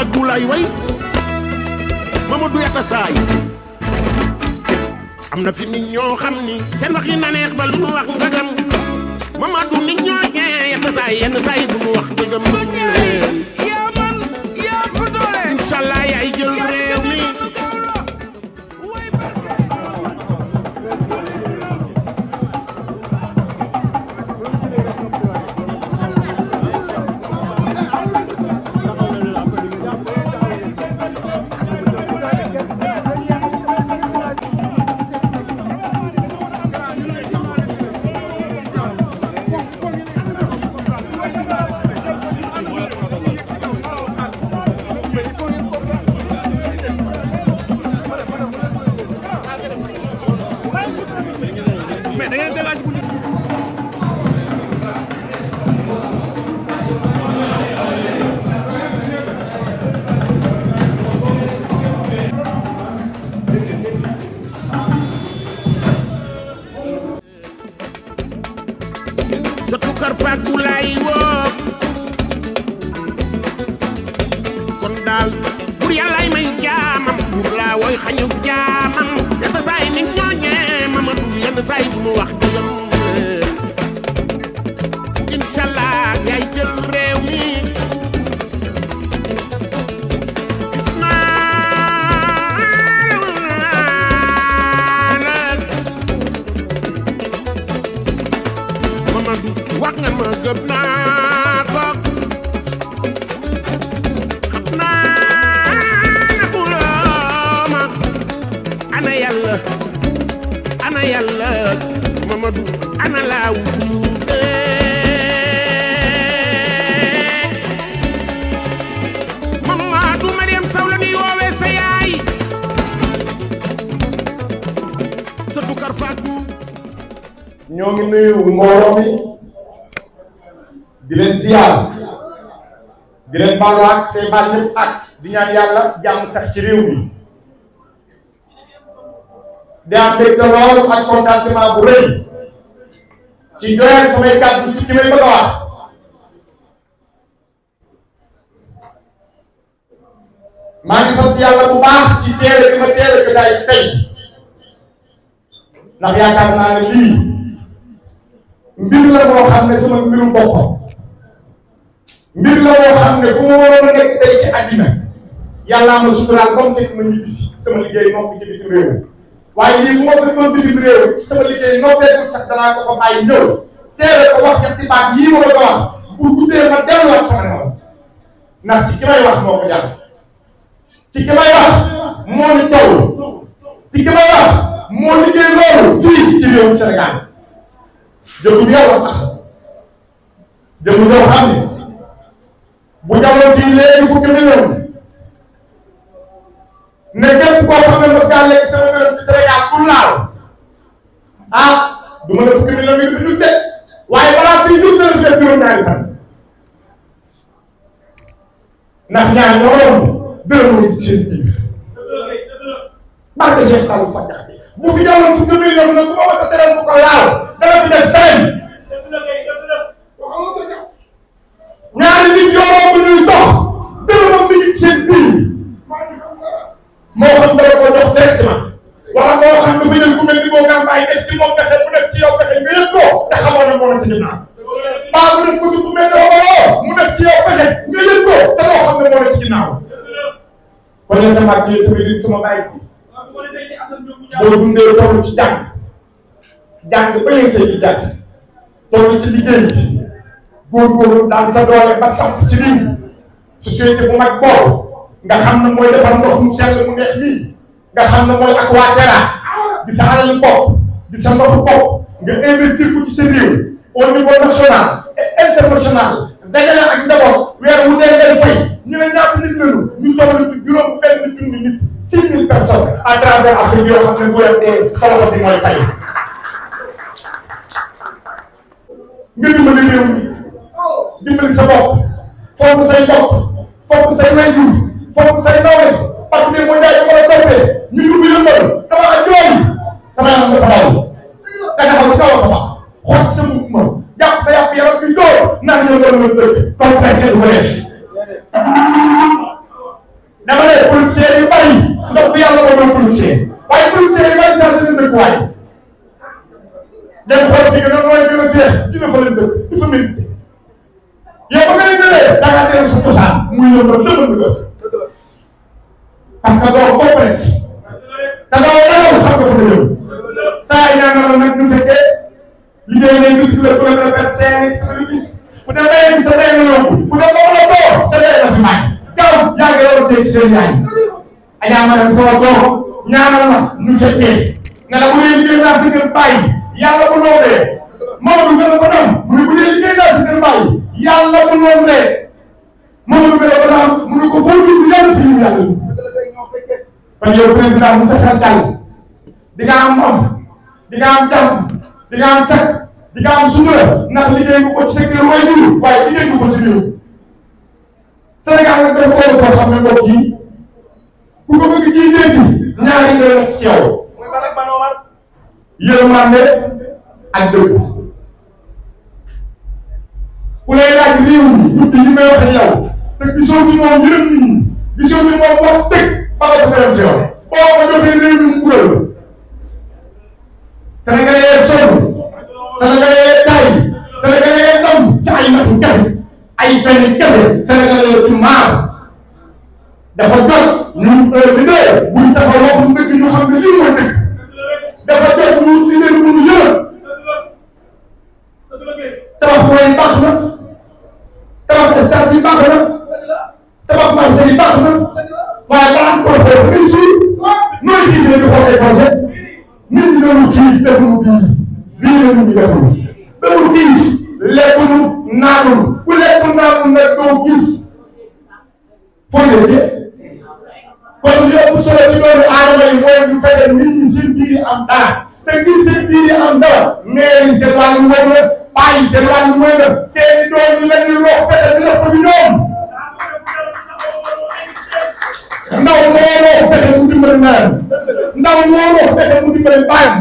Abdoulaye Way Mamadou Yatta Saay am na fi nit xam ni seen wax na neex ba lu mu wax ndagam Mamadou nit ñoo ñee Yatta Saay yenn saa yi du mu wax ndagam. yaa man yaa ko doole. incha allah yaay jël daal bur yàllaay may jaamam bur laa wooy xañu jaamam yenn saay mi ñooñee mamadu yenn saay bu mu wax dëgg inshallah nuyu mbooloo mi di leen ziyaar di leen baalu ak tey ak di ñaan yàlla jàmm sax ci réew mi di am mbégte lool ak contentement bu rëy ci doyal samay kàddu ci ki may bëgg a wax maa ngi sant yàlla bu baax ci teere bi ma teere bi daay tey ndax yaakaar naa ne lii mbir la boo xam ne sama mbiru bopp mbir la boo xam ne fu ma waroon a nekk tey ci àddina yàllaa ma suturaal comme fekk ma ñibbi si sama liggéey noppi ci bitim réew waaye lii bu ma fekkoon bitim réew sama liggéey noppeetul sax danaa ko fa bàyyi ñëw teere ko wax ci baat yii ma la ko wax pour guddee ma delluwaat sama newal ndax ci ki may wax moo ko jàll ci ki may wax moo ni toll ci ki may wax moo liggéey loolu fii ci réewu Sénégal jëmm yàlla tax jëmm doo xam ne bu jàlloon fii léegi fukki million ne képp koo xam ne mos ngaa lekk Sénégal ci Sénégal pour laal ah du ma ne fukki yi fi jug de waaye balaa fii jug dana fi juróom-ñaari fan ndax ñaar ñoo yomb dërëm ci seen biir barke Cheikh Sallou Fadiaka bu fi jàlloon fukki million nag bu ma sa teral bu ko laal dana fi def seen ñaari nit yoroo bu ñuy dox dërëmam bi ngi seen biir moo xam dara ko dox directement wala moo xam lu fi jël ku mel ni boo campagne def ci moom pexe bu def ci yow pexe nga yëg ko te xamoon na moo na fi ginnaaw baa bu def ko ci ku mel ni mu def ci yow pexe nga yëg ko te loo xam ne moo na fi ginnaaw kon yéen damaa ak yéen tamit sama bàyyi boo dundee toll ci jàng jàng ba yëg sa jas toll ci liggéey bi góorgóorlu daan sa doole ba samp ci lii société bu mag boobu nga xam ne mooy defar ndox mu sell mu neex lii nga xam ne mooy ak a Terra di sa alal bopp di sa ndoxu bopp nga investir ko ci sa réew au niveau national et international dajale ak njaboot weer wu dee ngay fay ñu ne ñaata nit lañu ñu toll ci juróom benn junni nit six mille personnes à travers Afrique yoo xam ne bu leen dee sa loxo bi mooy fay. nga dimbali réew mi dimbali sa say bopp fonk say waajur fonk say nawle parce que moo jaay ko war a toppee ñu dugg yëngal ndox bu yàlla ko doon producé waaye producé yi ban saa suñu dëkkuwaay dem xool fi nga doon mooy gën a féex dina fa leen dëkk di fa mérité yow ba nga leen jëlee da nga dem sa cosaan muy yëngu dëgg dëgg parce que doo ko presse te doo dalaw xam nga fa nga jëm saa yi ñaanaloon nag ñu fekkee liggéey nañ ñu tuddee ku nekk rek seen sa bénéfice bu demee sa day nga yomb bu demee ba mu la door sa day la fi maay gaaw yaa ngi yor tey seen yaay Adja Maram sama doom ñaanal ma ñu fekkee nga la bu dee liggéey naa si kër bàyyi yàlla bu loolee Mamadou gën a ko dam mu ne bu dee liggéey naa si kër bàyyi yàlla bu loolee Mamadou gën a ko dam mu ne ko foo dugg yàlla fi ñu yàlla yi kon yow président mu saxal jàll di nga am am di nga am jàmm di nga am sag di nga am sutura ndax liggéey nga ko ci sa kër waaye liggéey nga ko ci réew Sénégal nag dafa ko foo xam ne mbokk yi ku ko bëgg ciy dégg ñaari nga nekk ci yow yërmande ak dëgg ku lay laaj réew mi jubbi li may wax ak te gisoo moom yërëm nit ñi moom wax dëgg ba nga ko si yow boo ko joxee réew mi mu kuréel Sénégalais yee sonn Sénégalais yee maar dafa jot tabax mooy baax na tabax stade yi baax na tabax marché yi baax na waaye ba am projet bu muy suy mooy kii bi xool ay projet nit ñi doon kii defuñu kii lii la nit ñi defuñu doon kii lekkuñu naanuñu ku lekku naanuñu nag doo gis foo leen kon li ëpp solo ci doomu aadama yi mooy ñu fexe nit ñi seen biir am dara te nit seen biir am dara mais li c'est pas lu wóor la bàyyi seen wàllu mooy la seen i doom yi la ñuy wax pete bi la ko ñu ñoom ndaw moo wax pete mu dimbali ndeyam ndaw moo wax pete mu dimbali bàyyam